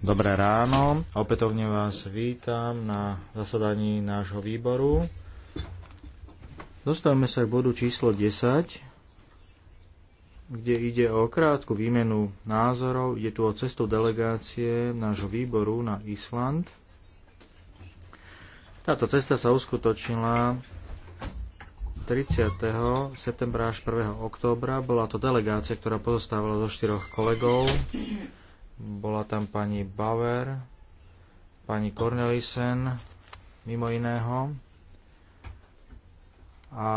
Dobré ráno, opätovne vás vítam na zasadaní nášho výboru. Dostávame sa k bodu číslo 10, kde ide o krátku výmenu názorov. Ide tu o cestu delegácie nášho výboru na Island. Táto cesta sa uskutočnila 30. septembra až 1. októbra. Bola to delegácia, ktorá pozostávala zo štyroch kolegov. Bola tam pani Bauer, pani Cornelissen, mimo iného. A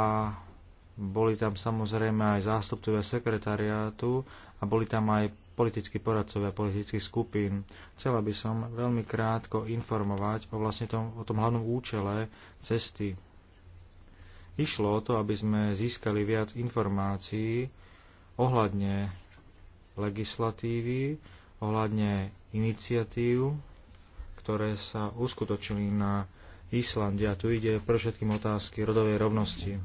boli tam samozrejme aj zástupcovia sekretariátu a boli tam aj politickí poradcovia politických skupín. Chcela by som veľmi krátko informovať o, vlastne tom, o tom hlavnom účele cesty Išlo o to, aby sme získali viac informácií ohľadne legislatívy, ohľadne iniciatív, ktoré sa uskutočili na Islande. A tu ide pre všetkým otázky rodovej rovnosti.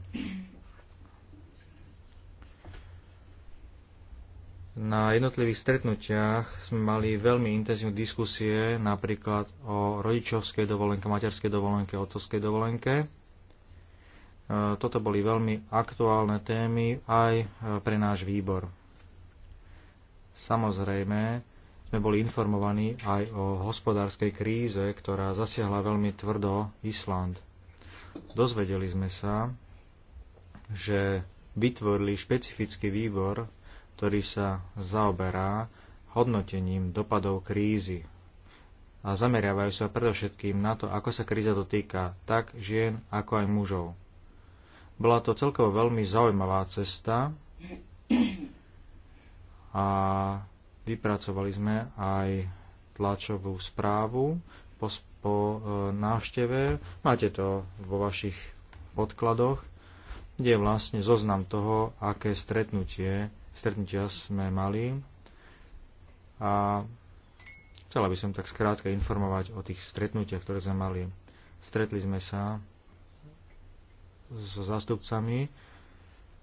Na jednotlivých stretnutiach sme mali veľmi intenzívne diskusie napríklad o rodičovskej dovolenke, materskej dovolenke, otcovskej dovolenke. Toto boli veľmi aktuálne témy aj e, pre náš výbor. Samozrejme, sme boli informovaní aj o hospodárskej kríze, ktorá zasiahla veľmi tvrdo Island. Dozvedeli sme sa, že vytvorili špecifický výbor, ktorý sa zaoberá hodnotením dopadov krízy a zameriavajú sa predovšetkým na to, ako sa kríza dotýka tak žien ako aj mužov. Bola to celkovo veľmi zaujímavá cesta a vypracovali sme aj tlačovú správu po, po e, návšteve. Máte to vo vašich podkladoch, kde je vlastne zoznam toho, aké stretnutie, stretnutia sme mali. A chcela by som tak skrátka informovať o tých stretnutiach, ktoré sme mali. Stretli sme sa so zástupcami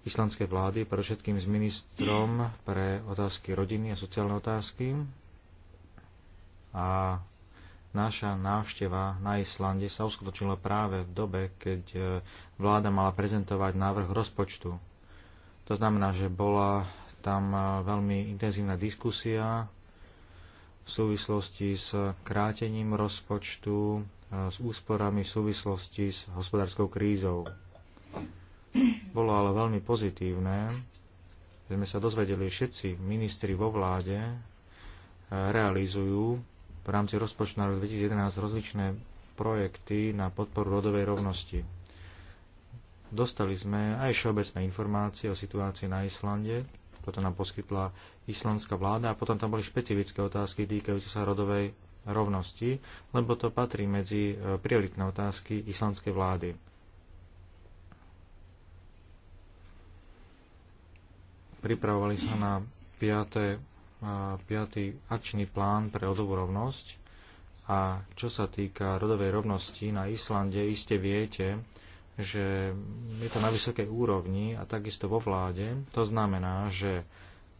islandskej vlády, pre všetkým s ministrom pre otázky rodiny a sociálne otázky. A naša návšteva na Islande sa uskutočnila práve v dobe, keď e, vláda mala prezentovať návrh rozpočtu. To znamená, že bola tam e, veľmi intenzívna diskusia v súvislosti s krátením rozpočtu, e, s úsporami v súvislosti s hospodárskou krízou. Bolo ale veľmi pozitívne, že sme sa dozvedeli, že všetci ministri vo vláde eh, realizujú v rámci rozpočtu na rok 2011 rozličné projekty na podporu rodovej rovnosti. Dostali sme aj všeobecné informácie o situácii na Islande, toto nám poskytla islandská vláda a potom tam boli špecifické otázky týkajúce sa rodovej rovnosti, lebo to patrí medzi eh, prioritné otázky islandskej vlády. pripravovali sa na 5. 5. akčný plán pre rodovú rovnosť a čo sa týka rodovej rovnosti na Islande, iste viete, že je to na vysokej úrovni a takisto vo vláde. To znamená, že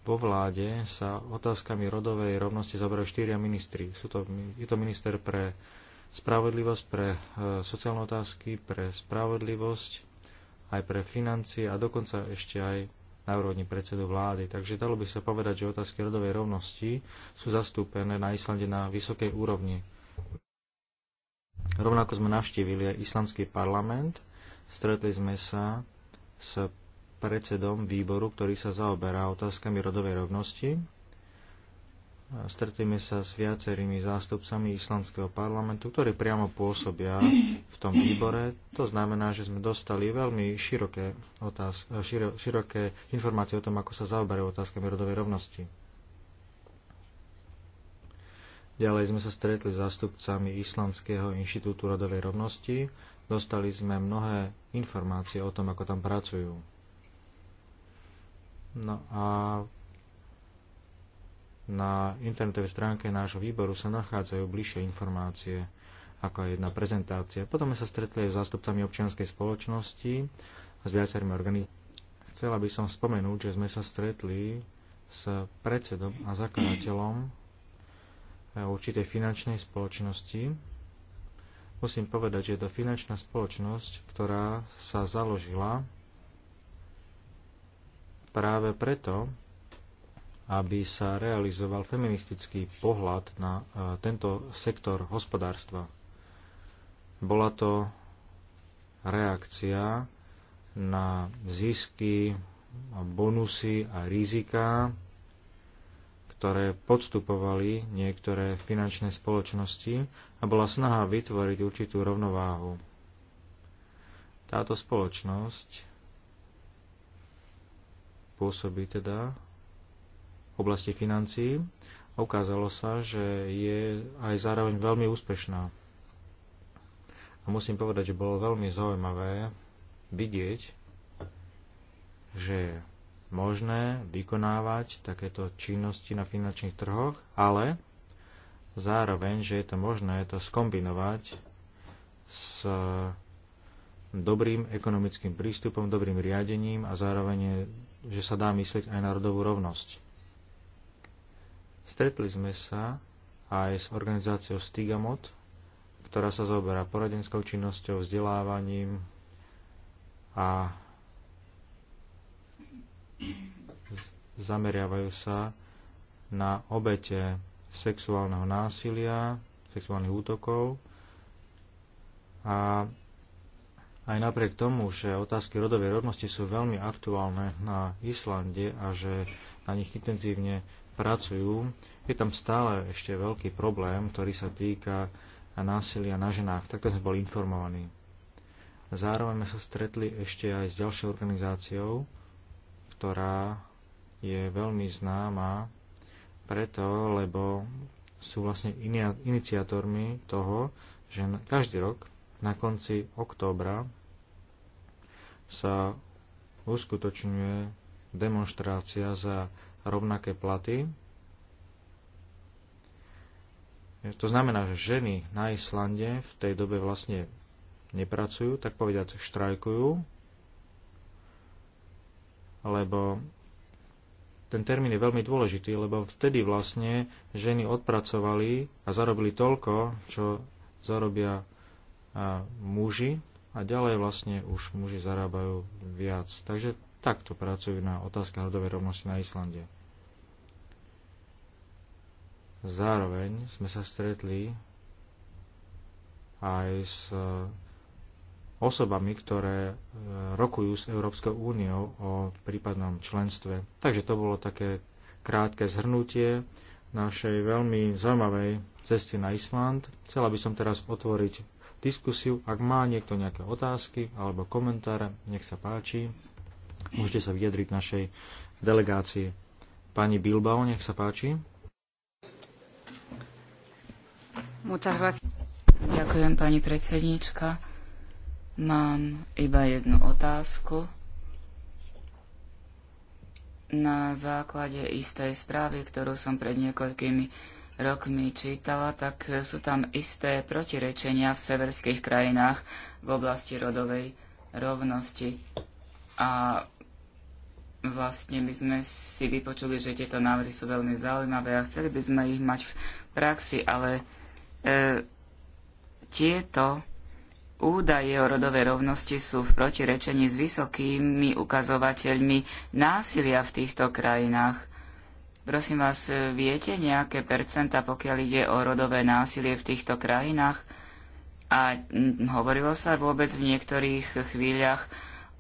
vo vláde sa otázkami rodovej rovnosti zaberajú štyria ministri. Sú to, je to minister pre spravodlivosť, pre e, sociálne otázky, pre spravodlivosť, aj pre financie a dokonca ešte aj na úrovni predsedu vlády. Takže dalo by sa povedať, že otázky rodovej rovnosti sú zastúpené na Islande na vysokej úrovni. Rovnako sme navštívili aj islandský parlament, stretli sme sa s predsedom výboru, ktorý sa zaoberá otázkami rodovej rovnosti stretneme sa s viacerými zástupcami islandského parlamentu, ktorí priamo pôsobia v tom výbore. To znamená, že sme dostali veľmi široké, otáz- širo- široké informácie o tom, ako sa zaoberajú otázkami rodovej rovnosti. Ďalej sme sa stretli s zástupcami Islandského inštitútu rodovej rovnosti. Dostali sme mnohé informácie o tom, ako tam pracujú. No a na internetovej stránke nášho výboru sa nachádzajú bližšie informácie ako aj jedna prezentácia. Potom sme sa stretli aj s zástupcami občianskej spoločnosti a s viacerými organi. Chcela by som spomenúť, že sme sa stretli s predsedom a zakladateľom určitej finančnej spoločnosti. Musím povedať, že je to finančná spoločnosť, ktorá sa založila práve preto, aby sa realizoval feministický pohľad na e, tento sektor hospodárstva. Bola to reakcia na zisky, bonusy a riziká, ktoré podstupovali niektoré finančné spoločnosti a bola snaha vytvoriť určitú rovnováhu. Táto spoločnosť pôsobí teda oblasti financií a ukázalo sa, že je aj zároveň veľmi úspešná. A musím povedať, že bolo veľmi zaujímavé vidieť, že je možné vykonávať takéto činnosti na finančných trhoch, ale zároveň, že je to možné to skombinovať s dobrým ekonomickým prístupom, dobrým riadením a zároveň, že sa dá myslieť aj na rodovú rovnosť. Stretli sme sa aj s organizáciou Stigamot, ktorá sa zaoberá poradenskou činnosťou, vzdelávaním a zameriavajú sa na obete sexuálneho násilia, sexuálnych útokov a aj napriek tomu, že otázky rodovej rovnosti sú veľmi aktuálne na Islande a že na nich intenzívne pracujú, je tam stále ešte veľký problém, ktorý sa týka násilia na ženách. Takto sme boli informovaní. Zároveň sme sa stretli ešte aj s ďalšou organizáciou, ktorá je veľmi známa preto, lebo sú vlastne iniciátormi toho, že každý rok na konci októbra sa uskutočňuje demonstrácia za rovnaké platy. To znamená, že ženy na Islande v tej dobe vlastne nepracujú, tak povediať štrajkujú, lebo ten termín je veľmi dôležitý, lebo vtedy vlastne ženy odpracovali a zarobili toľko, čo zarobia muži a ďalej vlastne už muži zarábajú viac. Takže takto pracujú na otázka rodovej rovnosti na Islande. Zároveň sme sa stretli aj s eh, osobami, ktoré eh, rokujú s Európskou úniou o prípadnom členstve. Takže to bolo také krátke zhrnutie našej veľmi zaujímavej cesty na Island. Chcela by som teraz otvoriť diskusiu. Ak má niekto nejaké otázky alebo komentáre, nech sa páči. Môžete sa vyjadriť našej delegácii. Pani Bilbao, nech sa páči. Ďakujem, pani predsednička. Mám iba jednu otázku. Na základe istej správy, ktorú som pred niekoľkými rokmi čítala, tak sú tam isté protirečenia v severských krajinách v oblasti rodovej rovnosti. A vlastne my sme si vypočuli, že tieto návrhy sú veľmi zaujímavé a chceli by sme ich mať v praxi, ale e, tieto údaje o rodovej rovnosti sú v protirečení s vysokými ukazovateľmi násilia v týchto krajinách. Prosím vás, viete nejaké percenta, pokiaľ ide o rodové násilie v týchto krajinách? A hovorilo sa vôbec v niektorých chvíľach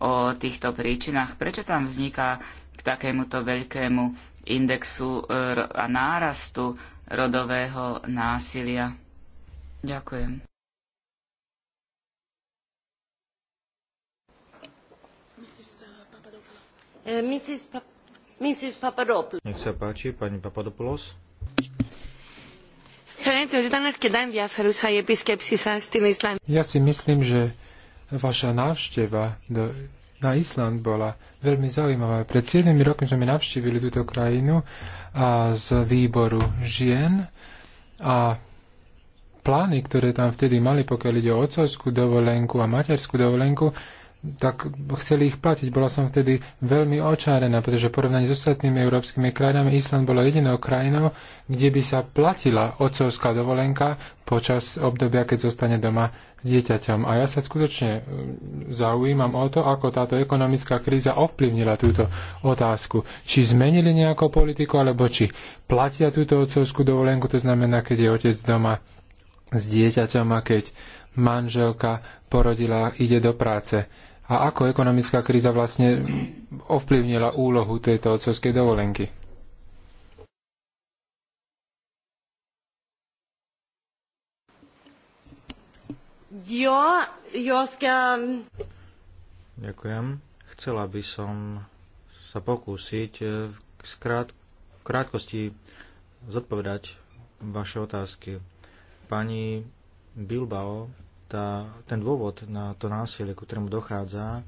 o týchto príčinách. Prečo tam vzniká k takémuto veľkému indexu e, a nárastu rodového násilia? Ďakujem. E, Nech sa páči, pani Papadopoulos. Ja si myslím, že Vaša návšteva do, na Island bola veľmi zaujímavá. Pred 7 rokmi sme navštívili túto krajinu a z výboru žien a plány, ktoré tam vtedy mali, pokiaľ ide o otcovskú dovolenku a materskú dovolenku, tak chceli ich platiť. Bola som vtedy veľmi očárená, pretože porovnaní s ostatnými európskymi krajinami Island bola jedinou krajinou, kde by sa platila otcovská dovolenka počas obdobia, keď zostane doma s dieťaťom. A ja sa skutočne e, zaujímam o to, ako táto ekonomická kríza ovplyvnila túto otázku. Či zmenili nejakú politiku, alebo či platia túto otcovskú dovolenku, to znamená, keď je otec doma s dieťaťom a keď manželka porodila, ide do práce a ako ekonomická kríza vlastne ovplyvnila úlohu tejto otcovskej dovolenky. Jo, jo, ska... Ďakujem. Chcela by som sa pokúsiť e, v krátkosti zodpovedať vaše otázky. Pani Bilbao tá, ten dôvod na to násilie, ku ktorému dochádza,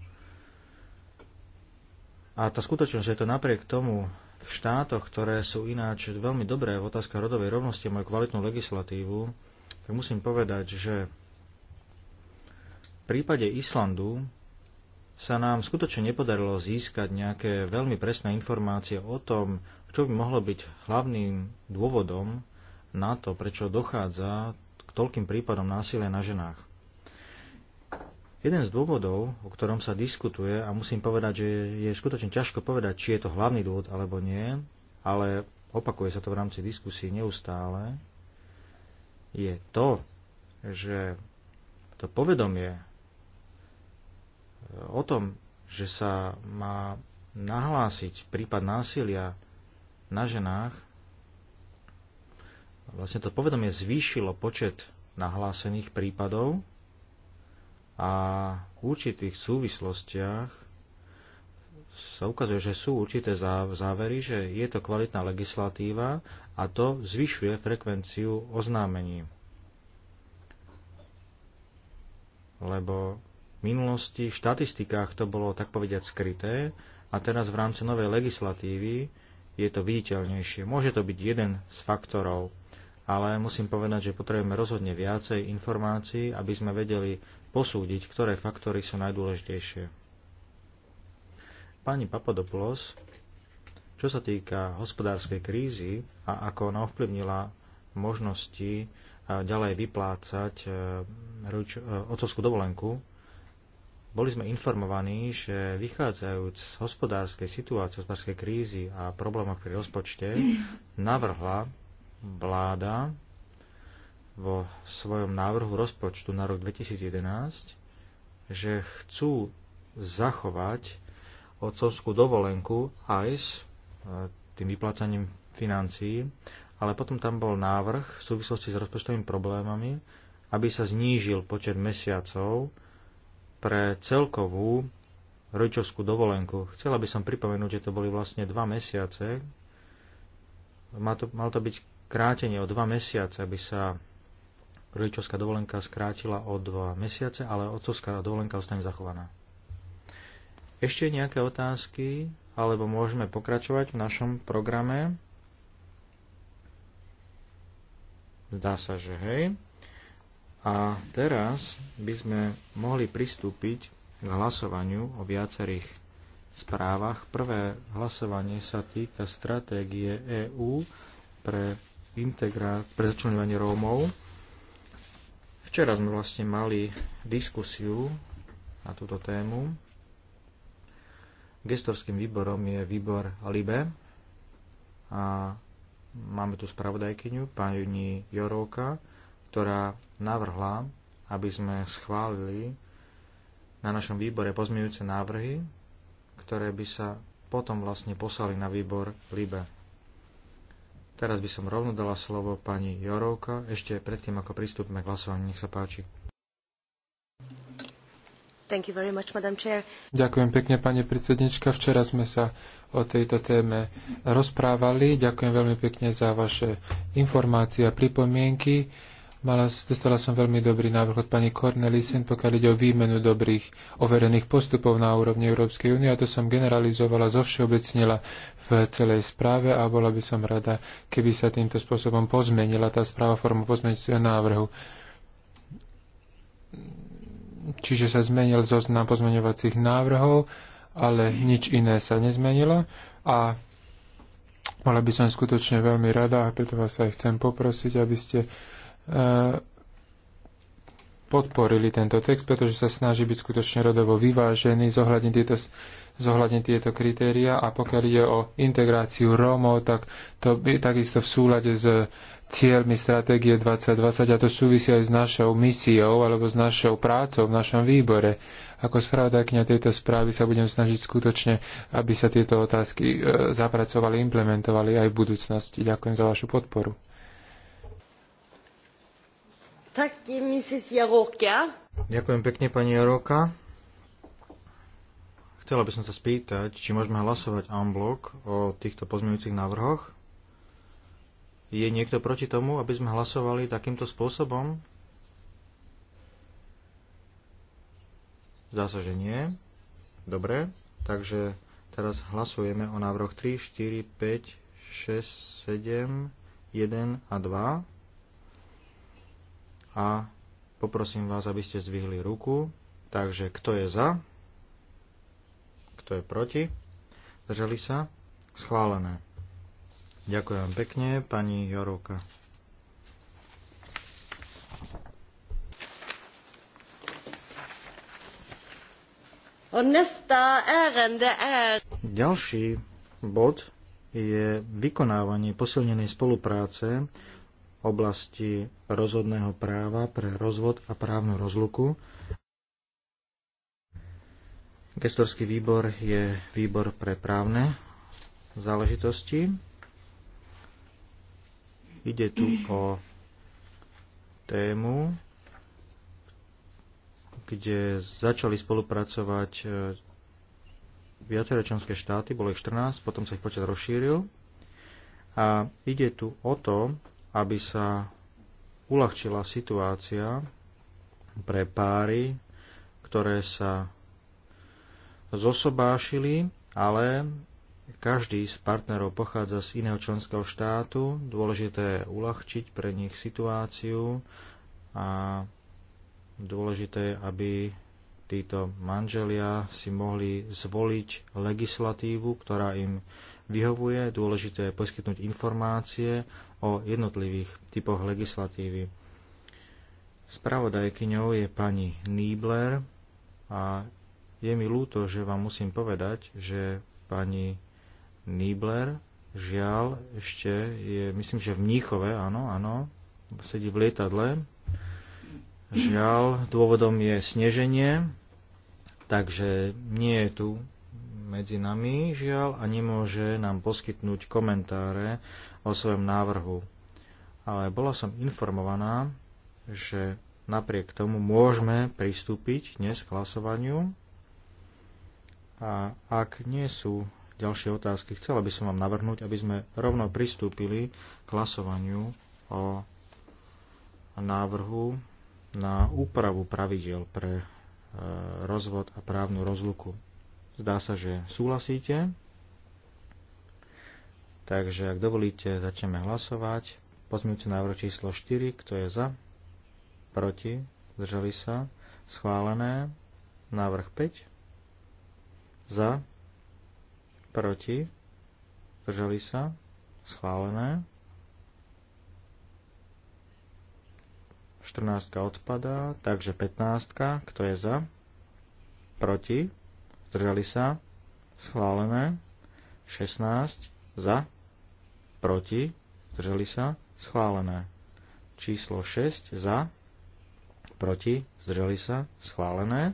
a tá skutočnosť, že je to napriek tomu v štátoch, ktoré sú ináč veľmi dobré v otázka rodovej rovnosti a majú kvalitnú legislatívu, tak musím povedať, že v prípade Islandu sa nám skutočne nepodarilo získať nejaké veľmi presné informácie o tom, čo by mohlo byť hlavným dôvodom na to, prečo dochádza k toľkým prípadom násilia na ženách. Jeden z dôvodov, o ktorom sa diskutuje, a musím povedať, že je skutočne ťažko povedať, či je to hlavný dôvod alebo nie, ale opakuje sa to v rámci diskusie neustále, je to, že to povedomie e, o tom, že sa má nahlásiť prípad násilia na ženách, vlastne to povedomie zvýšilo počet nahlásených prípadov a v určitých súvislostiach sa ukazuje, že sú určité závery, že je to kvalitná legislatíva a to zvyšuje frekvenciu oznámení. Lebo v minulosti v štatistikách to bolo tak povediať skryté a teraz v rámci novej legislatívy je to viditeľnejšie. Môže to byť jeden z faktorov, ale musím povedať, že potrebujeme rozhodne viacej informácií, aby sme vedeli posúdiť, ktoré faktory sú najdôležitejšie. Pani Papadopoulos, čo sa týka hospodárskej krízy a ako ona ovplyvnila možnosti eh, ďalej vyplácať eh, eh, otcovskú dovolenku, boli sme informovaní, že vychádzajúc z hospodárskej situácie, hospodárskej krízy a problémov pri rozpočte, navrhla vláda vo svojom návrhu rozpočtu na rok 2011, že chcú zachovať otcovskú dovolenku aj s e, tým vyplácaním financií, ale potom tam bol návrh v súvislosti s rozpočtovými problémami, aby sa znížil počet mesiacov pre celkovú rodičovskú dovolenku. Chcela by som pripomenúť, že to boli vlastne dva mesiace. Mal to, mal to byť krátenie o dva mesiace, aby sa rodičovská dovolenka skrátila o dva mesiace, ale otcovská dovolenka ostane zachovaná. Ešte nejaké otázky, alebo môžeme pokračovať v našom programe? Zdá sa, že hej. A teraz by sme mohli pristúpiť k hlasovaniu o viacerých správach. Prvé hlasovanie sa týka stratégie EÚ pre, integra- pre začlenovanie Rómov. Včera sme vlastne mali diskusiu na túto tému. Gestorským výborom je výbor LIBE a máme tu spravodajkyňu, pani Jorovka, ktorá navrhla, aby sme schválili na našom výbore pozmeňujúce návrhy, ktoré by sa potom vlastne poslali na výbor LIBE. Teraz by som rovno dala slovo pani Jorovka, ešte predtým, ako pristúpime k hlasovaniu. Nech sa páči. Much, Ďakujem pekne, pani predsednička. Včera sme sa o tejto téme rozprávali. Ďakujem veľmi pekne za vaše informácie a pripomienky. Mala, dostala som veľmi dobrý návrh od pani Cornelisen, pokiaľ ide o výmenu dobrých overených postupov na úrovni Európskej únie a to som generalizovala, zovšeobecnila v celej správe a bola by som rada, keby sa týmto spôsobom pozmenila tá správa formu pozmeňujúceho návrhu. Čiže sa zmenil zoznam pozmeňovacích návrhov, ale nič iné sa nezmenilo a bola by som skutočne veľmi rada a preto vás aj chcem poprosiť, aby ste E, podporili tento text, pretože sa snaží byť skutočne rodovo vyvážený, zohľadniť tieto, zohľadni tieto kritéria a pokiaľ ide o integráciu Rómov, tak to je takisto v súlade s cieľmi stratégie 2020 a to súvisí aj s našou misiou alebo s našou prácou v našom výbore. Ako spravodajkňa tejto správy sa budem snažiť skutočne, aby sa tieto otázky e, zapracovali, implementovali aj v budúcnosti. Ďakujem za vašu podporu. Ďakujem pekne, pani Jaroka. Chcela by som sa spýtať, či môžeme hlasovať en bloc o týchto pozmeňujúcich návrhoch. Je niekto proti tomu, aby sme hlasovali takýmto spôsobom? Zdá sa, že nie. Dobre, takže teraz hlasujeme o návrhoch 3, 4, 5, 6, 7, 1 a 2 a poprosím vás, aby ste zdvihli ruku. Takže kto je za? Kto je proti? Zdržali sa? Schválené. Ďakujem pekne, pani Jorovka. Ďalší bod je vykonávanie posilnenej spolupráce oblasti rozhodného práva pre rozvod a právnu rozluku. Gestorský výbor je výbor pre právne záležitosti. Ide tu o tému, kde začali spolupracovať e, viaceré členské štáty, bolo ich 14, potom sa ich počet rozšíril. A ide tu o to, aby sa uľahčila situácia pre páry, ktoré sa zosobášili, ale každý z partnerov pochádza z iného členského štátu. Dôležité je uľahčiť pre nich situáciu a dôležité je, aby títo manželia si mohli zvoliť legislatívu, ktorá im vyhovuje. Dôležité je poskytnúť informácie o jednotlivých typoch legislatívy. Spravodajkyňou je pani Niebler a je mi ľúto, že vám musím povedať, že pani Niebler žiaľ ešte je, myslím, že v Mníchove, áno, áno, sedí v lietadle. Žiaľ, dôvodom je sneženie, takže nie je tu medzi nami, žiaľ, a nemôže nám poskytnúť komentáre o svojom návrhu. Ale bola som informovaná, že napriek tomu môžeme pristúpiť dnes k hlasovaniu. A ak nie sú ďalšie otázky, chcela by som vám navrhnúť, aby sme rovno pristúpili k hlasovaniu o návrhu na úpravu pravidel pre e, rozvod a právnu rozluku. Zdá sa, že súhlasíte. Takže, ak dovolíte, začneme hlasovať. Pozmiňujúci návrh číslo 4, kto je za? Proti? Zdržali sa? Schválené. Návrh 5. Za? Proti? Zdržali sa? Schválené. 14 odpadá, takže 15. Kto je za? Proti? zdržali sa, schválené. 16 za, proti, zdržali sa, schválené. Číslo 6 za, proti, zdržali sa, schválené.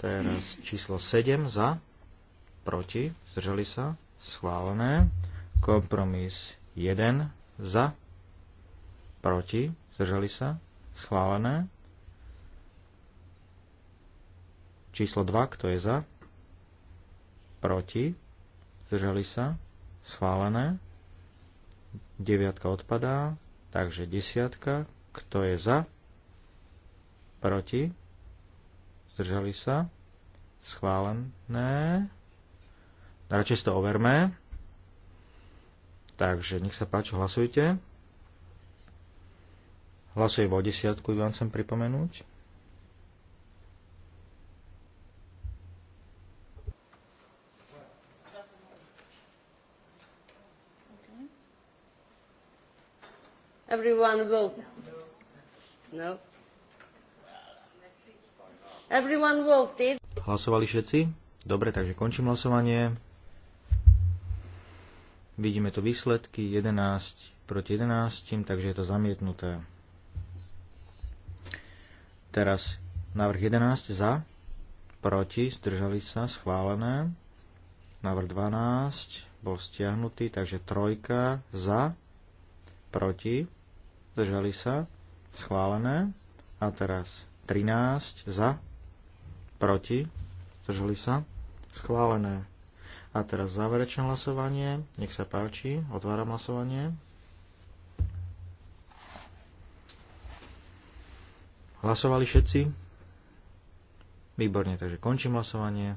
Teraz číslo 7 za, proti, zdržali sa, schválené. Kompromis 1 za, proti, zdržali sa, schválené. Číslo 2, kto je za? Proti? Zdržali sa? Schválené. Deviatka odpadá. Takže desiatka. Kto je za? Proti? Zdržali sa? Schválené. Radšej to overme. Takže nech sa páči, hlasujte. Hlasujem o desiatku, vám chcem pripomenúť. Everyone vote. No. Everyone voted. Hlasovali všetci? Dobre, takže končím hlasovanie. Vidíme tu výsledky 11 proti 11, takže je to zamietnuté. Teraz návrh 11 za, proti, zdržali sa, schválené. Návrh 12 bol stiahnutý, takže trojka za, proti, zdržali sa, schválené. A teraz 13 za, proti, zdržali sa, schválené. A teraz záverečné hlasovanie, nech sa páči, otváram hlasovanie. Hlasovali všetci? Výborne, takže končím hlasovanie.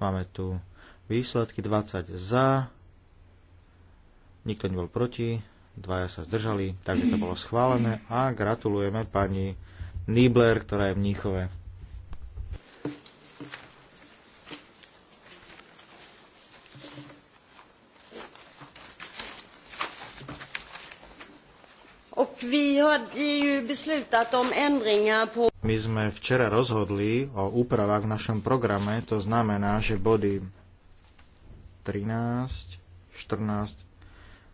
Máme tu výsledky 20 za, nikto nebol proti, dvaja sa zdržali, takže to bolo schválené a gratulujeme pani Nibler, ktorá je v Níchove. My sme včera rozhodli o úpravách v našom programe, to znamená, že body 13, 14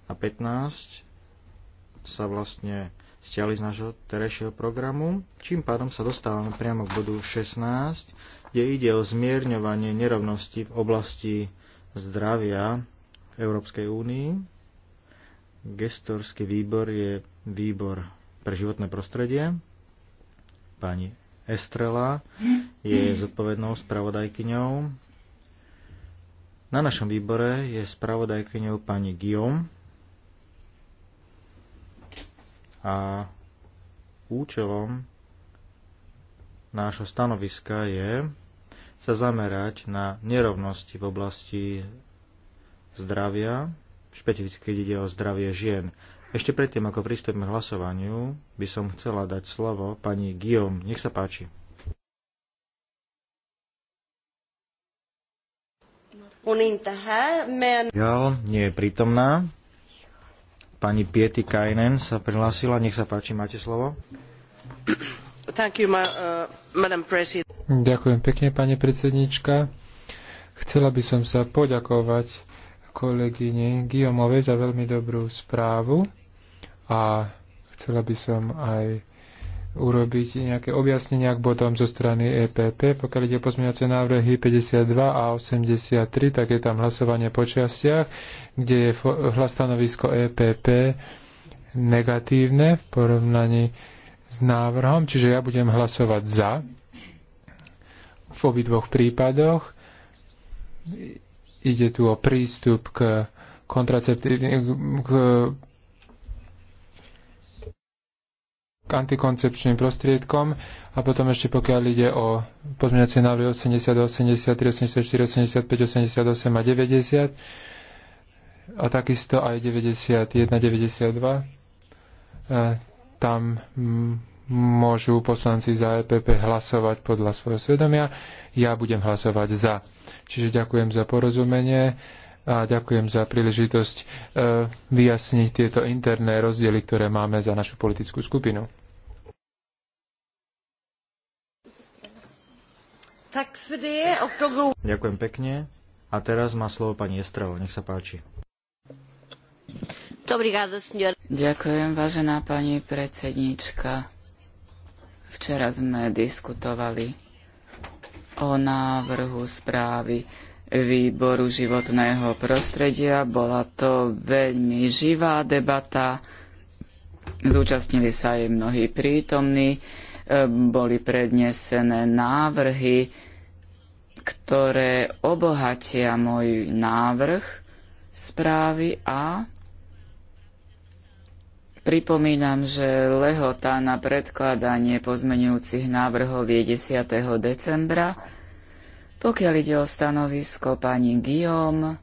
a 15 sa vlastne stiali z nášho terajšieho programu. Čím pádom sa dostávame priamo k bodu 16, kde ide o zmierňovanie nerovnosti v oblasti zdravia v Európskej únii. Gestorský výbor je výbor pre životné prostredie. Pani Estrela je zodpovednou spravodajkyňou. Na našom výbore je spravodajkyňou pani Guillaume A účelom nášho stanoviska je sa zamerať na nerovnosti v oblasti zdravia, špecificky ide o zdravie žien. Ešte predtým, ako pristúpime k hlasovaniu, by som chcela dať slovo pani Guillaume. Nech sa páči. Ja nie je prítomná, Pani Piety Kainen sa prihlásila. Nech sa páči, máte slovo. You, ma, uh, Ďakujem pekne, pani predsednička. Chcela by som sa poďakovať kolegyni Guillaumovej za veľmi dobrú správu a chcela by som aj urobiť nejaké objasnenia k bodom zo strany EPP. Pokiaľ ide o pozmeňovacie návrhy 52 a 83, tak je tam hlasovanie po častiach, kde je hlas stanovisko EPP negatívne v porovnaní s návrhom, čiže ja budem hlasovať za v obidvoch prípadoch. Ide tu o prístup k kontraceptívnym, k antikoncepčným prostriedkom a potom ešte pokiaľ ide o pozmeňacie návrhy 80, 83, 84, 85, 88 a 90 a takisto aj 91, 92. E, tam môžu poslanci za EPP hlasovať podľa svojho svedomia. Ja budem hlasovať za. Čiže ďakujem za porozumenie a ďakujem za príležitosť e, vyjasniť tieto interné rozdiely, ktoré máme za našu politickú skupinu. Ďakujem pekne. A teraz má slovo pani Estrela. Nech sa páči. Ďakujem, vážená pani predsednička. Včera sme diskutovali o návrhu správy výboru životného prostredia. Bola to veľmi živá debata. Zúčastnili sa aj mnohí prítomní. E, boli prednesené návrhy, ktoré obohatia môj návrh správy a Pripomínam, že lehota na predkladanie pozmenujúcich návrhov je 10. decembra pokiaľ ide o stanovisko pani Guillaume,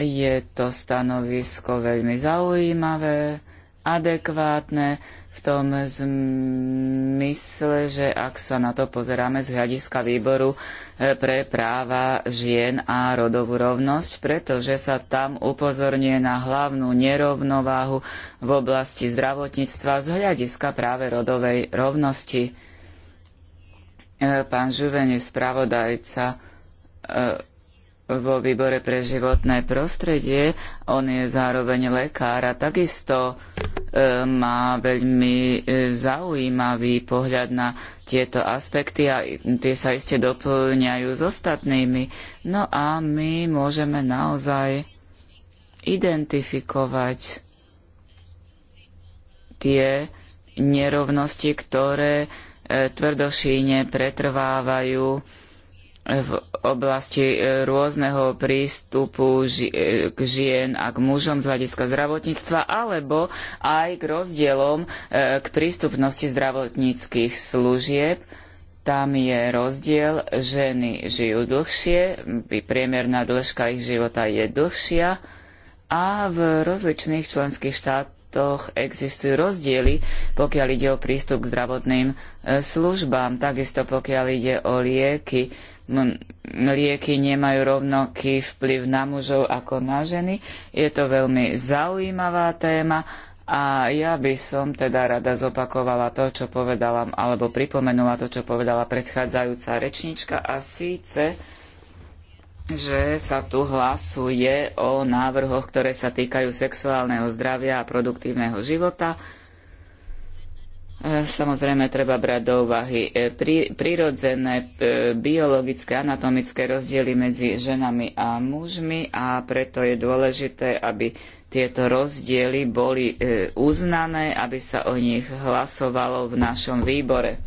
je to stanovisko veľmi zaujímavé, adekvátne v tom zmysle, že ak sa na to pozeráme z hľadiska výboru eh, pre práva žien a rodovú rovnosť, pretože sa tam upozorňuje na hlavnú nerovnováhu v oblasti zdravotníctva z hľadiska práve rodovej rovnosti E, pán Žuven je spravodajca e, vo výbore pre životné prostredie. On je zároveň lekár a takisto e, má veľmi zaujímavý pohľad na tieto aspekty a tie sa iste doplňajú s ostatnými. No a my môžeme naozaj identifikovať tie nerovnosti, ktoré E, tvrdošíne pretrvávajú v oblasti e, rôzneho prístupu e, k žien a k mužom z hľadiska zdravotníctva, alebo aj k rozdielom k prístupnosti zdravotníckých služieb. Tam je rozdiel, ženy žijú dlhšie, priemerná dĺžka ich života je dlhšia a v rozličných členských štátoch štátoch existujú rozdiely, pokiaľ ide o prístup k zdravotným e, službám, takisto pokiaľ ide o lieky. Lieky nemajú rovnaký vplyv na mužov ako na ženy. Je to veľmi zaujímavá téma a ja by som teda rada zopakovala to, čo povedala, alebo pripomenula to, čo povedala predchádzajúca rečnička a síce, že sa tu hlasuje o návrhoch, ktoré sa týkajú sexuálneho zdravia a produktívneho života. E, samozrejme, treba brať do úvahy e, prirodzené e, biologické, anatomické rozdiely medzi ženami a mužmi a preto je dôležité, aby tieto rozdiely boli uznané, aby sa o nich hlasovalo v našom výbore.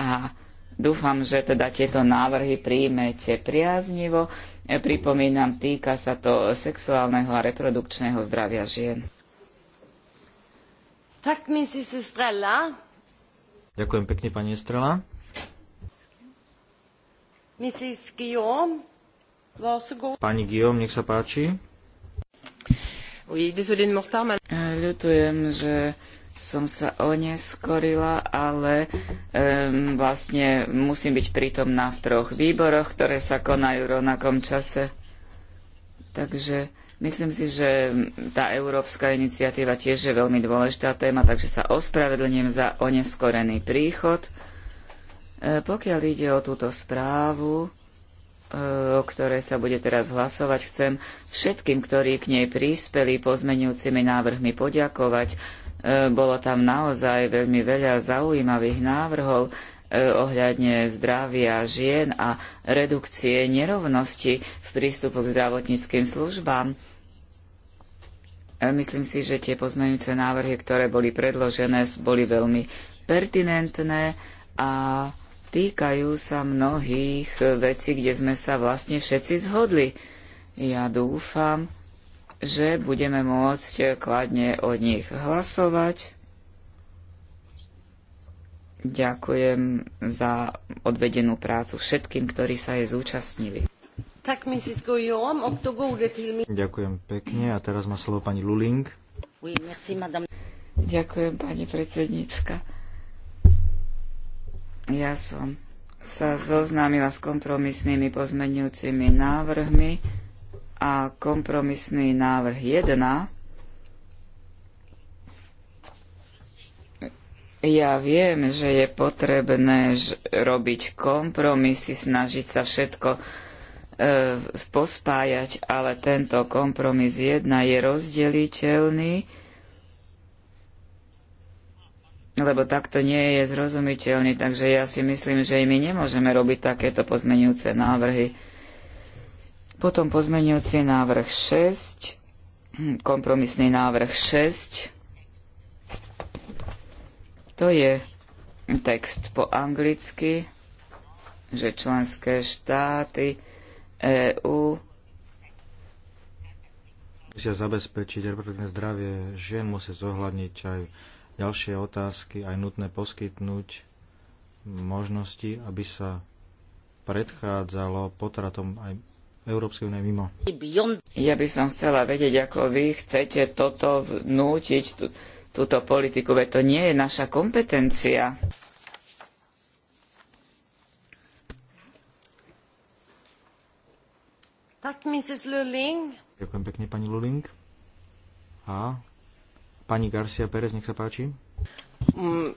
A Dúfam, že teda tieto návrhy príjmete priaznivo. E, pripomínam, týka sa to sexuálneho a reprodukčného zdravia žien. Tak, Ďakujem pekne, pani Estrela. Mrs. Guillaume. Pani Guillaume, nech sa páči. Oui, désolé de mon retard, e, Ľutujem, že som sa oneskorila, ale um, vlastne musím byť prítomná v troch výboroch, ktoré sa konajú v rovnakom čase. Takže myslím si, že tá európska iniciatíva tiež je veľmi dôležitá téma, takže sa ospravedlňujem za oneskorený príchod. E, pokiaľ ide o túto správu, e, o ktorej sa bude teraz hlasovať, chcem všetkým, ktorí k nej prispeli pozmenujúcimi návrhmi poďakovať E, bolo tam naozaj veľmi veľa zaujímavých návrhov e, ohľadne zdravia žien a redukcie nerovnosti v prístupu k zdravotníckým službám. E, myslím si, že tie pozmeňujúce návrhy, ktoré boli predložené, boli veľmi pertinentné a týkajú sa mnohých vecí, kde sme sa vlastne všetci zhodli. Ja dúfam, že budeme môcť kladne o nich hlasovať. Ďakujem za odvedenú prácu všetkým, ktorí sa jej zúčastnili. Ďakujem pekne a teraz má slovo pani Luling. Ďakujem pani predsednička. Ja som sa zoznámila s kompromisnými pozmenujúcimi návrhmi a kompromisný návrh 1 Ja viem, že je potrebné robiť kompromisy, snažiť sa všetko e, pospájať, ale tento kompromis 1 je rozdeliteľný, lebo takto nie je zrozumiteľný, takže ja si myslím, že my nemôžeme robiť takéto pozmenujúce návrhy. Potom pozmeňujúci návrh 6, kompromisný návrh 6. To je text po anglicky, že členské štáty EÚ musia zabezpečiť reproduktívne zdravie žien, musia zohľadniť aj ďalšie otázky, aj nutné poskytnúť možnosti, aby sa predchádzalo potratom aj Európskej únie mimo. Ja by som chcela vedieť, ako vy chcete toto vnútiť, tú, túto politiku, veď to nie je naša kompetencia. Tak, Mrs. Luling. Ďakujem pekne, pani Luling. A pani Garcia Perez, nech sa páči. Mm,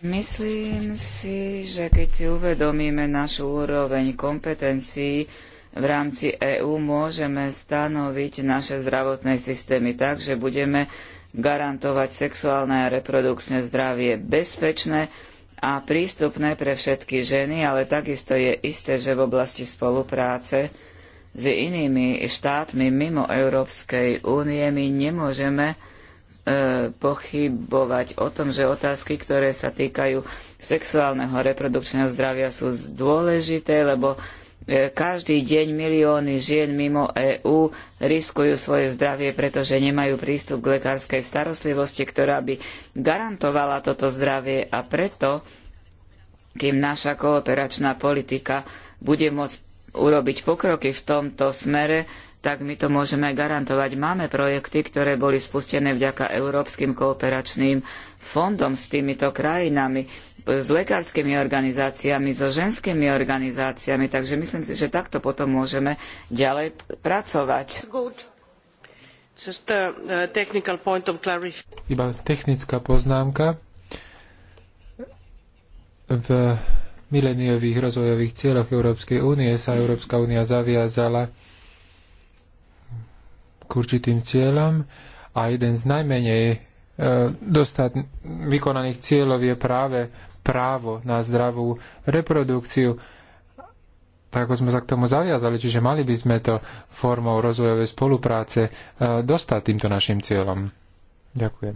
Myslím si, že keď si uvedomíme našu úroveň kompetencií v rámci EÚ, môžeme stanoviť naše zdravotné systémy tak, že budeme garantovať sexuálne a reprodukčné zdravie bezpečné a prístupné pre všetky ženy, ale takisto je isté, že v oblasti spolupráce s inými štátmi mimo Európskej únie my nemôžeme pochybovať o tom, že otázky, ktoré sa týkajú sexuálneho reprodukčného zdravia sú dôležité, lebo e, každý deň milióny žien mimo EÚ riskujú svoje zdravie, pretože nemajú prístup k lekárskej starostlivosti, ktorá by garantovala toto zdravie a preto, kým naša kooperačná politika bude môcť urobiť pokroky v tomto smere, tak my to môžeme garantovať. Máme projekty, ktoré boli spustené vďaka Európskym kooperačným fondom s týmito krajinami, s lekárskymi organizáciami, so ženskými organizáciami, takže myslím si, že takto potom môžeme ďalej pracovať. Iba technická poznámka. V mileniových rozvojových cieľoch Európskej únie sa Európska únia zaviazala k určitým cieľom a jeden z najmenej e, dostat, vykonaných cieľov je práve právo na zdravú reprodukciu tak ako sme sa k tomu zaviazali, čiže mali by sme to formou rozvojovej spolupráce e, dostať týmto našim cieľom. Ďakujem.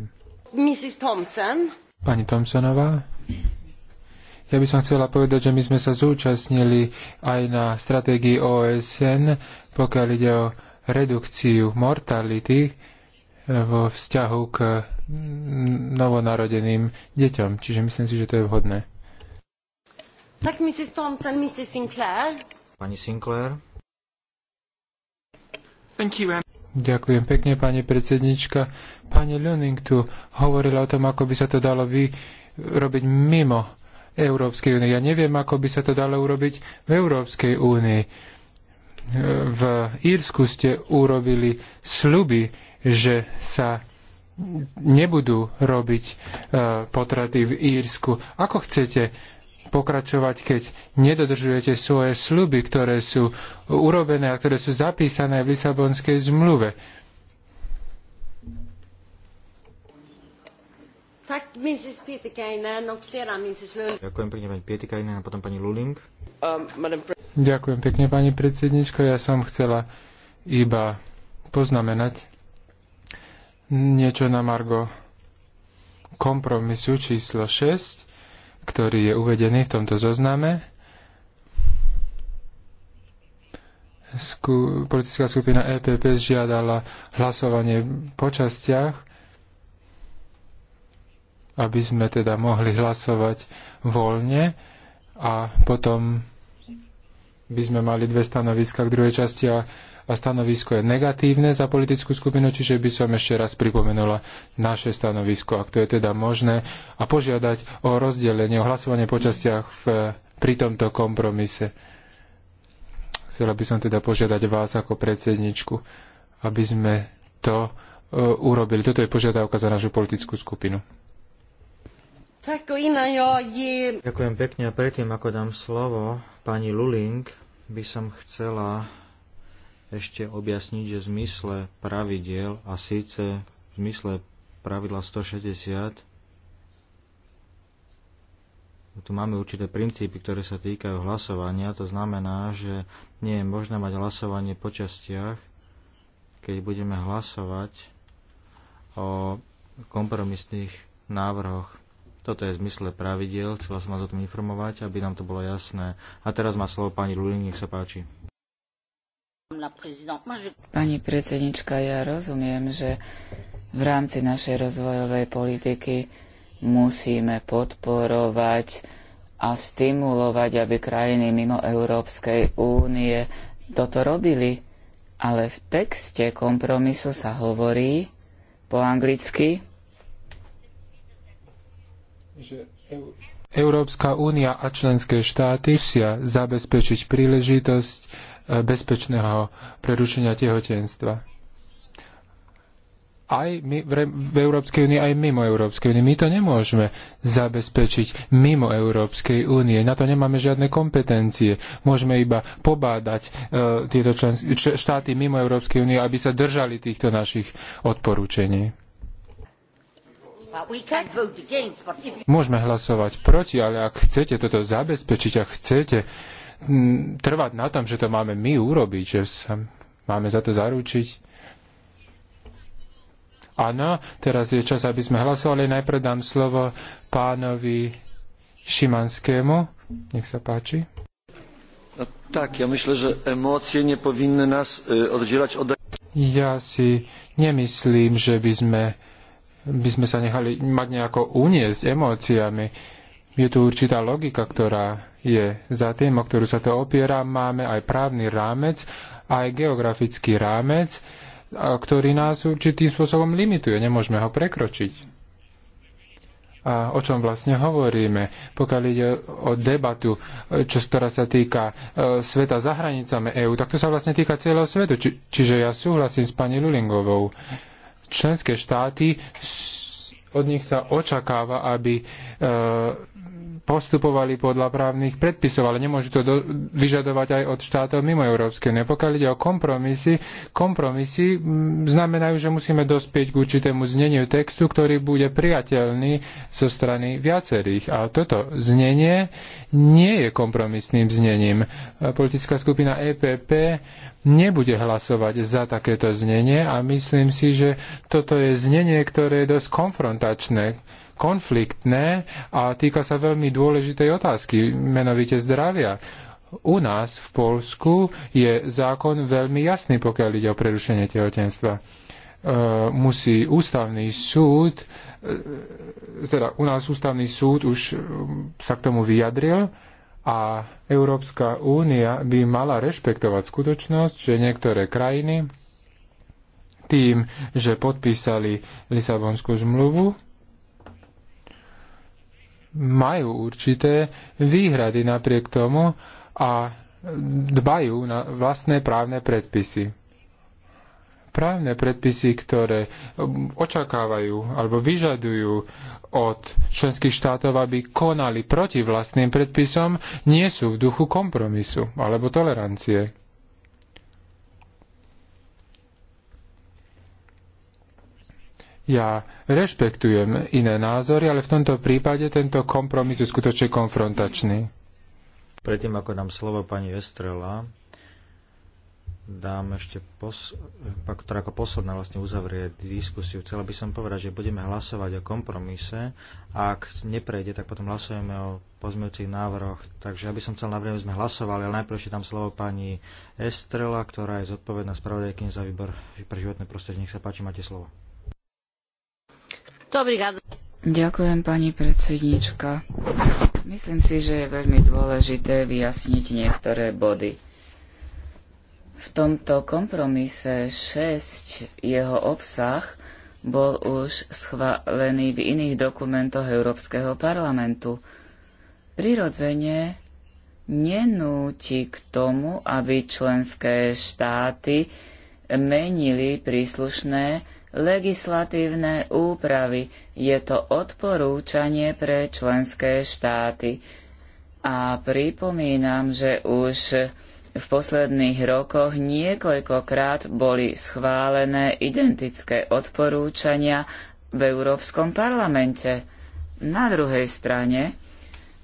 Mrs. Thompson. Pani Thompsonová. Ja by som chcela povedať, že my sme sa zúčastnili aj na stratégii OSN, pokiaľ ide o redukciu mortality eh, vo vzťahu k mm, novonarodeným deťom. Čiže myslím si, že to je vhodné. Tak Mrs. Thompson, Mrs. Sinclair. Pani Sinclair. Thank you, Ďakujem pekne, pani predsednička. Pani Leoning tu hovorila o tom, ako by sa to dalo vy robiť mimo Európskej únie. Ja neviem, ako by sa to dalo urobiť v Európskej únii v Írsku ste urobili sľuby, že sa nebudú robiť e, potraty v Írsku. Ako chcete pokračovať, keď nedodržujete svoje sľuby, ktoré sú urobené a ktoré sú zapísané v Lisabonskej zmluve? Ďakujem pekne pani Pietikajnen a potom pani Luling. Um, Ďakujem pekne pani predsedničko. Ja som chcela iba poznamenať niečo na Margo kompromisu číslo 6, ktorý je uvedený v tomto zozname. Sku- politická skupina EPP žiadala hlasovanie po častiach aby sme teda mohli hlasovať voľne a potom by sme mali dve stanoviska k druhej časti a, a stanovisko je negatívne za politickú skupinu, čiže by som ešte raz pripomenula naše stanovisko, ak to je teda možné, a požiadať o rozdelenie, o hlasovanie po častiach v, pri tomto kompromise. Chcela by som teda požiadať vás ako predsedničku, aby sme to e, urobili. Toto je požiadavka za našu politickú skupinu. Ďakujem pekne a predtým, ako dám slovo pani Luling, by som chcela ešte objasniť, že v zmysle pravidiel a síce v zmysle pravidla 160 tu máme určité princípy, ktoré sa týkajú hlasovania. To znamená, že nie je možné mať hlasovanie po častiach, keď budeme hlasovať o kompromisných návrhoch toto je v zmysle pravidel, chcela som vás o tom informovať, aby nám to bolo jasné. A teraz má slovo pani Lulín, nech sa páči. Pani predsednička, ja rozumiem, že v rámci našej rozvojovej politiky musíme podporovať a stimulovať, aby krajiny mimo Európskej únie toto robili. Ale v texte kompromisu sa hovorí po anglicky, že Európska únia a členské štáty musia zabezpečiť príležitosť e, bezpečného prerušenia tehotenstva. Aj my v Európskej únii, aj mimo Európskej únie. My to nemôžeme zabezpečiť mimo Európskej únie. Na to nemáme žiadne kompetencie. Môžeme iba pobádať uh, tieto člen- štáty mimo Európskej únie, aby sa držali týchto našich odporúčení. Môžeme hlasovať proti, ale ak chcete toto zabezpečiť, ak chcete mm, trvať na tom, že to máme my urobiť, že sa máme za to zaručiť, Áno, teraz je čas, aby sme hlasovali. Najprv dám slovo pánovi Šimanskému. Nech sa páči. No, tak, ja myslím, že emócie nepovinné nás e, oddielať od... Ja si nemyslím, že by sme by sme sa nechali mať nejako uniesť emóciami. Je tu určitá logika, ktorá je za tým, o ktorú sa to opiera. Máme aj právny rámec, aj geografický rámec, ktorý nás určitým spôsobom limituje. Nemôžeme ho prekročiť. A o čom vlastne hovoríme, pokiaľ ide o debatu, čo, ktorá sa týka e, sveta za hranicami EÚ, tak to sa vlastne týka celého svetu. Či, čiže ja súhlasím s pani Lulingovou. E, členské štáty, od nich sa očakáva, aby e, postupovali podľa právnych predpisov, ale nemôžu to do, vyžadovať aj od štátov mimo Európskej únie. Pokiaľ ide o kompromisy, kompromisy znamenajú, že musíme dospieť k určitému zneniu textu, ktorý bude priateľný zo strany viacerých. A toto znenie nie je kompromisným znením. Politická skupina EPP nebude hlasovať za takéto znenie a myslím si, že toto je znenie, ktoré je dosť konfrontačné konfliktné a týka sa veľmi dôležitej otázky, menovite zdravia. U nás v Polsku je zákon veľmi jasný, pokiaľ ide o prerušenie tehotenstva. E, musí ústavný súd, e, teda u nás ústavný súd už sa k tomu vyjadril a Európska únia by mala rešpektovať skutočnosť, že niektoré krajiny tým, že podpísali Lisabonskú zmluvu, majú určité výhrady napriek tomu a dbajú na vlastné právne predpisy. Právne predpisy, ktoré očakávajú alebo vyžadujú od členských štátov, aby konali proti vlastným predpisom, nie sú v duchu kompromisu alebo tolerancie. Ja rešpektujem iné názory, ale v tomto prípade tento kompromis je skutočne konfrontačný. Predtým, ako dám slovo pani Estrela, dám ešte, pos, ktorá ako posledná vlastne uzavrie diskusiu. Chcela by som povedať, že budeme hlasovať o kompromise a ak neprejde, tak potom hlasujeme o pozmeňujúcich návrhoch. Takže ja by som chcel navrieť, sme hlasovali, ale najprv tam slovo pani Estrela, ktorá je zodpovedná spravodajkyni za výbor pre životné prostredie. Nech sa páči, máte slovo. Ďakujem, pani predsedníčka. Myslím si, že je veľmi dôležité vyjasniť niektoré body. V tomto kompromise 6 jeho obsah bol už schválený v iných dokumentoch Európskeho parlamentu. Prirodzene nenúti k tomu, aby členské štáty menili príslušné legislatívne úpravy. Je to odporúčanie pre členské štáty. A pripomínam, že už v posledných rokoch niekoľkokrát boli schválené identické odporúčania v Európskom parlamente. Na druhej strane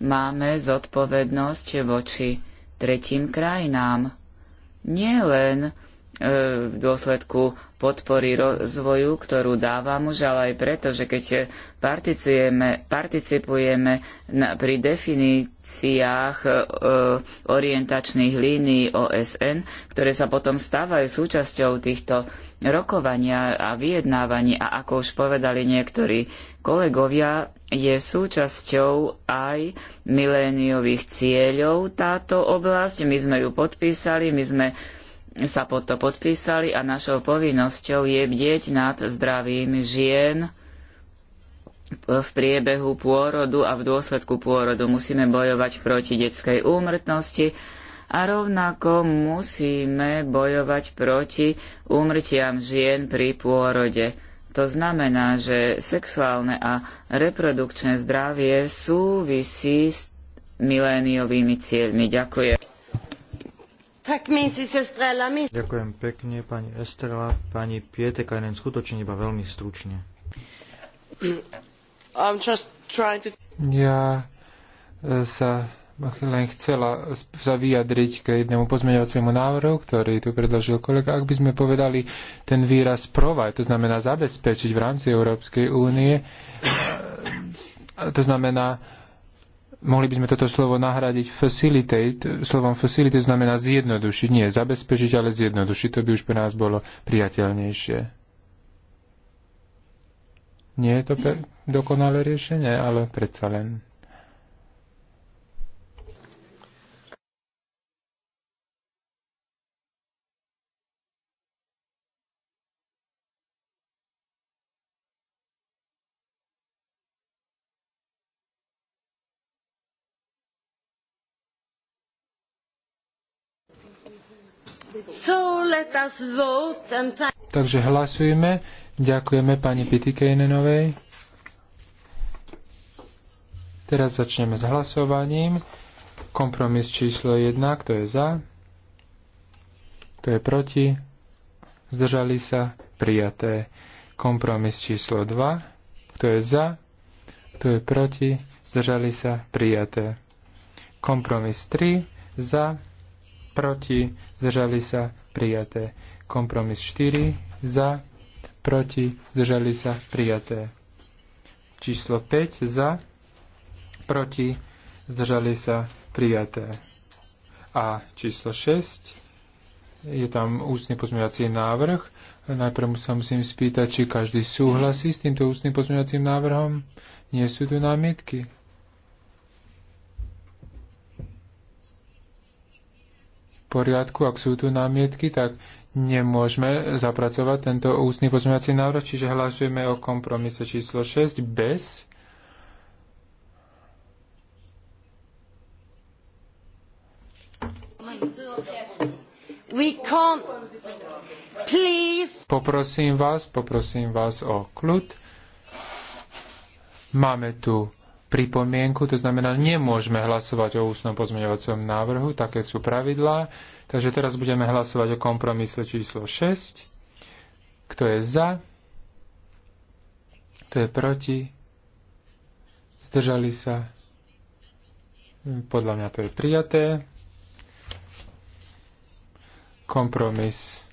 máme zodpovednosť voči tretím krajinám. Nie len v dôsledku podpory rozvoju, ktorú dáva muž, ale aj preto, že keď participujeme, participujeme na, pri definíciách e, orientačných línií OSN, ktoré sa potom stávajú súčasťou týchto rokovania a vyjednávaní a ako už povedali niektorí kolegovia, je súčasťou aj miléniových cieľov táto oblasť. My sme ju podpísali, my sme sa pod to podpísali a našou povinnosťou je bdieť nad zdravím žien v priebehu pôrodu a v dôsledku pôrodu. Musíme bojovať proti detskej úmrtnosti a rovnako musíme bojovať proti úmrtiam žien pri pôrode. To znamená, že sexuálne a reprodukčné zdravie súvisí s miléniovými cieľmi. Ďakujem. Ďakujem pekne, pani Estrela. Pani Pietekainen, skutočne iba veľmi stručne. Ja e, sa len chcela sa vyjadriť k jednému pozmeňovaciemu návrhu, ktorý tu predložil kolega. Ak by sme povedali ten výraz provaj, to znamená zabezpečiť v rámci Európskej únie, e, to znamená mohli by sme toto slovo nahradiť facilitate, slovom facilitate znamená zjednodušiť, nie zabezpečiť, ale zjednodušiť, to by už pre nás bolo priateľnejšie. Nie je to dokonalé riešenie, ale predsa len. So and... Takže hlasujeme. Ďakujeme pani Pitikejnenovej. Teraz začneme s hlasovaním. Kompromis číslo 1, kto je za, kto je proti, zdržali sa, prijaté. Kompromis číslo 2, kto je za, kto je proti, zdržali sa, prijaté. Kompromis 3, za, proti, zdržali sa, prijaté. Kompromis 4, za, proti, zdržali sa, prijaté. Číslo 5, za, proti, zdržali sa, prijaté. A číslo 6, je tam ústny pozmeňovací návrh. Najprv sa musím spýtať, či každý súhlasí s týmto ústnym pozmeňovacím návrhom. Nie sú tu námietky? poriadku, ak sú tu námietky, tak nemôžeme zapracovať tento ústny pozmeňovací návrh, čiže hlasujeme o kompromise číslo 6 bez We can't. Please. Poprosím vás, poprosím vás o kľud. Máme tu pripomienku, to znamená, nemôžeme hlasovať o ústnom pozmeňovacom návrhu, také sú pravidlá. Takže teraz budeme hlasovať o kompromise číslo 6. Kto je za? Kto je proti? Zdržali sa? Podľa mňa to je prijaté. Kompromis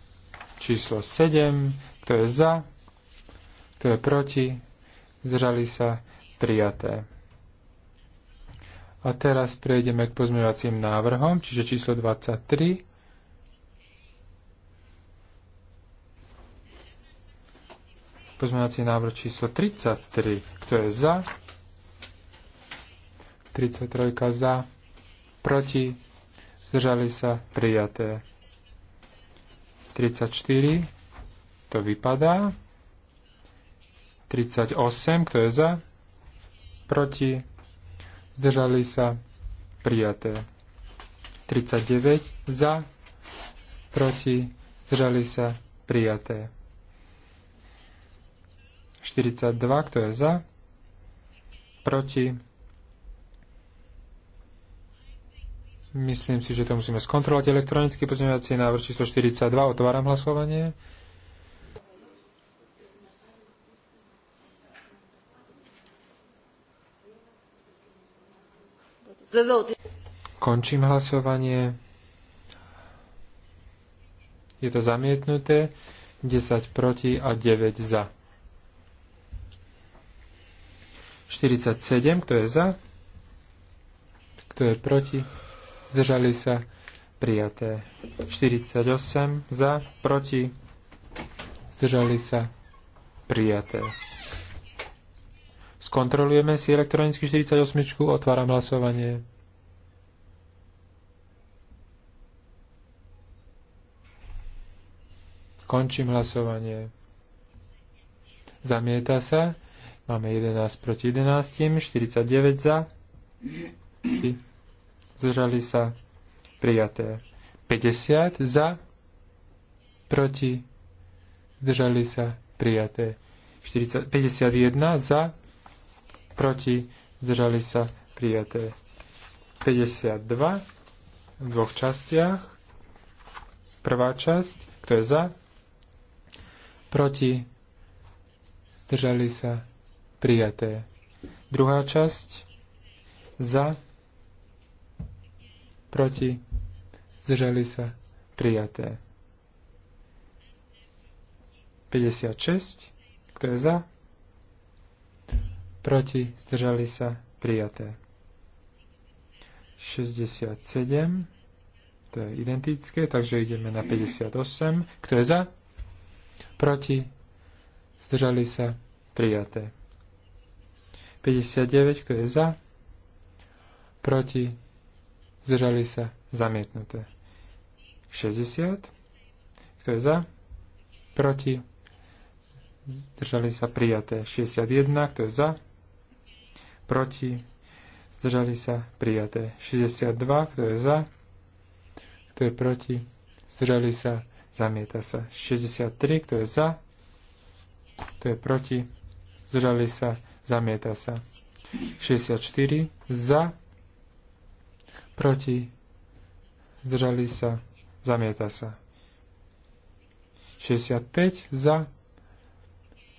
číslo 7. Kto je za? Kto je proti? Zdržali sa? Prijaté. A teraz prejdeme k pozmeňovacím návrhom, čiže číslo 23. Pozmeňovací návrh číslo 33. Kto je za? 33 za. Proti? Zdržali sa? Prijaté. 34. To vypadá. 38. Kto je za? Proti? zdržali sa prijaté. 39 za, proti, zdržali sa prijaté. 42, kto je za, proti, Myslím si, že to musíme skontrolovať. elektronicky, pozmeňovací návrh číslo 42. Otváram hlasovanie. Končím hlasovanie. Je to zamietnuté. 10 proti a 9 za. 47, kto je za? Kto je proti? Zdržali sa prijaté. 48 za, proti, zdržali sa prijaté. Skontrolujeme si elektronicky 48. Otváram hlasovanie. Končím hlasovanie. Zamieta sa. Máme 11 proti 11, 49 za. Zržali sa prijaté. 50 za, proti, zdržali sa prijaté. 40, 51 za, proti, zdržali sa prijaté. 52 v dvoch častiach. Prvá časť, kto je za, proti, zdržali sa prijaté. Druhá časť, za, proti, zdržali sa prijaté. 56, kto je za, proti, zdržali sa, prijaté. 67, to je identické, takže ideme na 58. Kto je za? Proti, zdržali sa, prijaté. 59, kto je za? Proti, zdržali sa, zamietnuté. 60, kto je za? Proti, zdržali sa, prijaté. 61, kto je za? proti, zdržali sa prijaté. 62, kto je za, kto je proti, zdržali sa, zamieta sa. 63, kto je za, kto je proti, zdržali sa, zamieta sa. 64, za, proti, zdržali sa, zamieta sa. 65, za,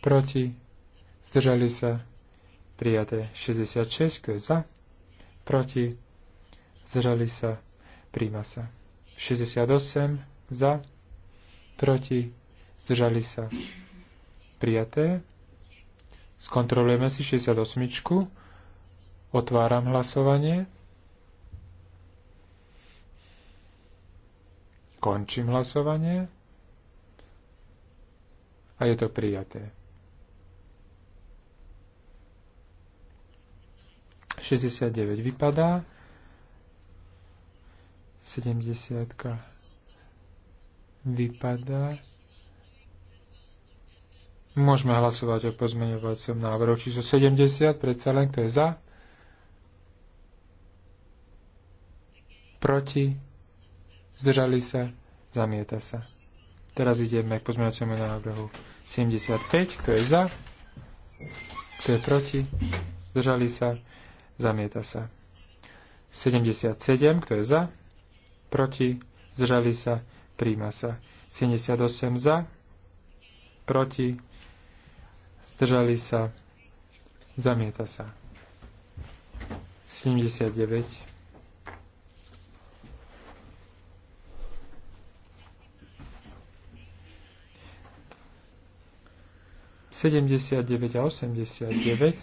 proti, zdržali sa, prijaté 66, kto je za, proti, zdržali sa, príjma sa. 68 za, proti, zdržali sa, prijaté. Skontrolujeme si 68. Otváram hlasovanie. Končím hlasovanie. A je to prijaté. 69 vypadá. 70 vypadá. Môžeme hlasovať o pozmeňovacom návrhu číslo 70, predsa len kto je za. Proti. Zdržali sa. Zamieta sa. Teraz ideme k pozmeňovaciemu návrhu 75, kto je za. Kto je proti. Zdržali sa. Zamieta sa. 77, kto je za? Proti. Zdržali sa. Príjma sa. 78 za. Proti. Zdržali sa. Zamieta sa. 79. Sedemdesiat deväť a osemdesiat deväť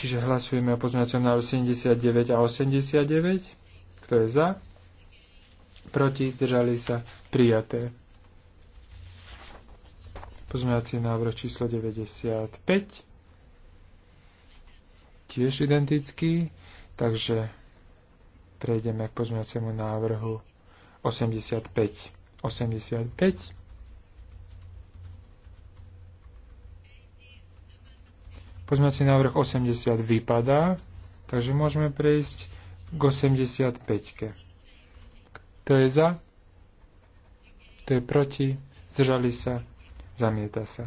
Čiže hlasujeme o pozmeňovacom návrhu 79 a 89. Kto je za? Proti? Zdržali sa? Prijaté. Pozmeňovací návrh číslo 95. Tiež identický. Takže prejdeme k pozmeňovaciemu návrhu 85. 85. Pozmeňovací návrh 80 vypadá, takže môžeme prejsť k 85. Kto je za? Kto je proti? Zdržali sa? Zamieta sa.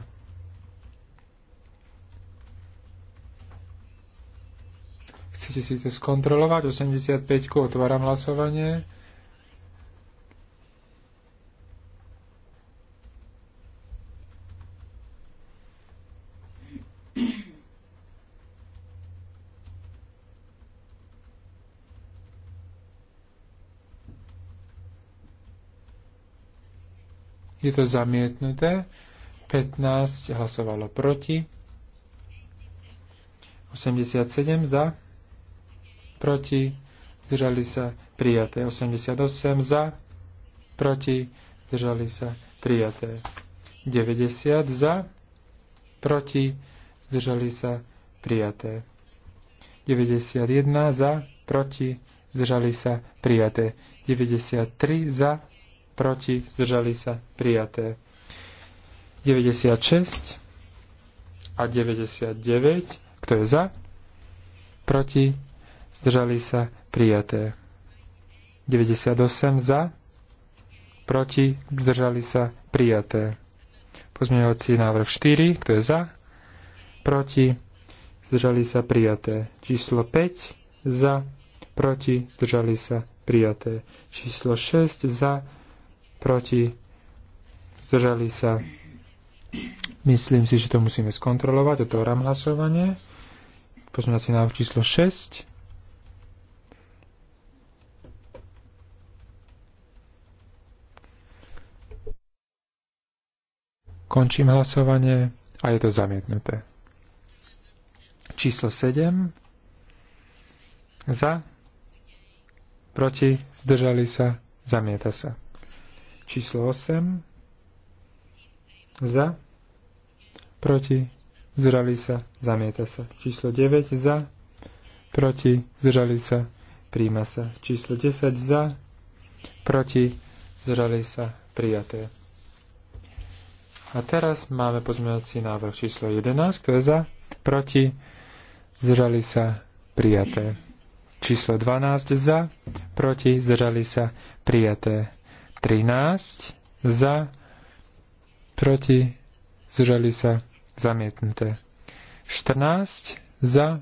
Chcete si to skontrolovať? 85. Otváram hlasovanie. Je to zamietnuté. 15 hlasovalo proti. 87 za. Proti. Zdržali sa prijaté. 88 za. Proti. Zdržali sa prijaté. 90 za. Proti. Zdržali sa prijaté. 91 za. Proti. Zdržali sa prijaté. 93 za proti, zdržali sa, prijaté. 96 a 99, kto je za, proti, zdržali sa, prijaté. 98 za, proti, zdržali sa, prijaté. Pozmeňovací návrh 4, kto je za, proti, zdržali sa, prijaté. Číslo 5, za, proti, zdržali sa, prijaté. Číslo 6, za, proti, zdržali sa. Myslím si, že to musíme skontrolovať, otváram hlasovanie. si návrh číslo 6. Končím hlasovanie a je to zamietnuté. Číslo 7. Za. Proti. Zdržali sa. Zamieta sa číslo 8. Za. Proti. zrali sa. Zamieta sa. Číslo 9. Za. Proti. zrali sa. Príjma sa. Číslo 10. Za. Proti. zrali sa. Prijaté. A teraz máme pozmeňovací návrh číslo 11, to je za, proti, zrali sa, prijaté. Číslo 12 za, proti, zrali sa, prijaté. 13 za, proti, zdržali sa, zamietnuté. 14 za,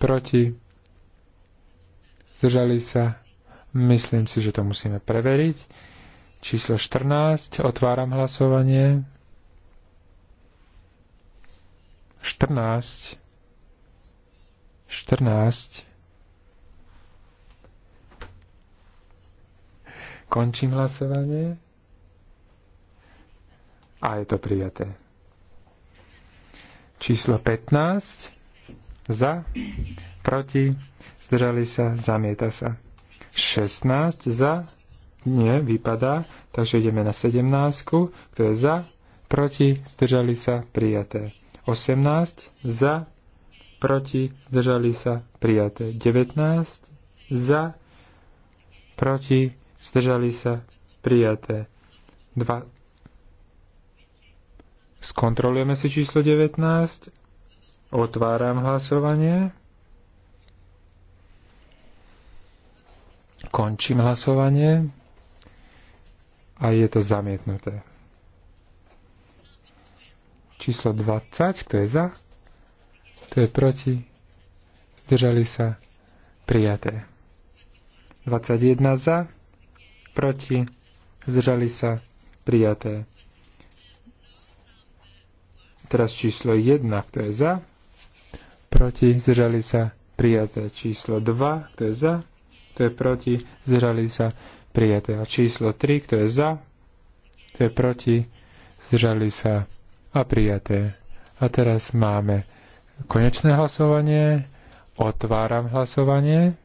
proti, zdržali sa, myslím si, že to musíme preveriť. Číslo 14, otváram hlasovanie. 14, 14, Končím hlasovanie. A je to prijaté. Číslo 15. Za, proti, zdržali sa, zamieta sa. 16 za, nie, vypadá, takže ideme na 17, kto je za, proti, zdržali sa, prijaté. 18 za, proti, zdržali sa, prijaté. 19 za, proti, zdržali sa, prijaté. 2. Skontrolujeme si číslo 19. Otváram hlasovanie. Končím hlasovanie. A je to zamietnuté. Číslo 20. Kto je za? Kto je proti? Zdržali sa. Prijaté. 21 za proti, zdržali sa, prijaté. Teraz číslo 1, kto je za, proti, zdržali sa, prijaté. Číslo 2, kto je za, kto je proti, zdržali sa, prijaté. A číslo 3, kto je za, kto je proti, zdržali sa a prijaté. A teraz máme konečné hlasovanie. Otváram hlasovanie.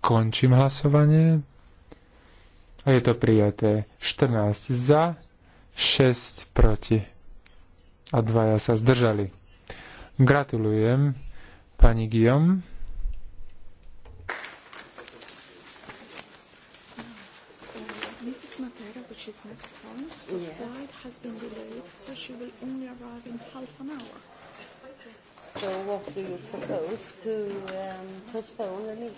Končím hlasovanie. A je to prijaté. 14 za, 6 proti. A dvaja sa zdržali. Gratulujem pani Guillaume. so So what do you propose to um, postpone the meeting?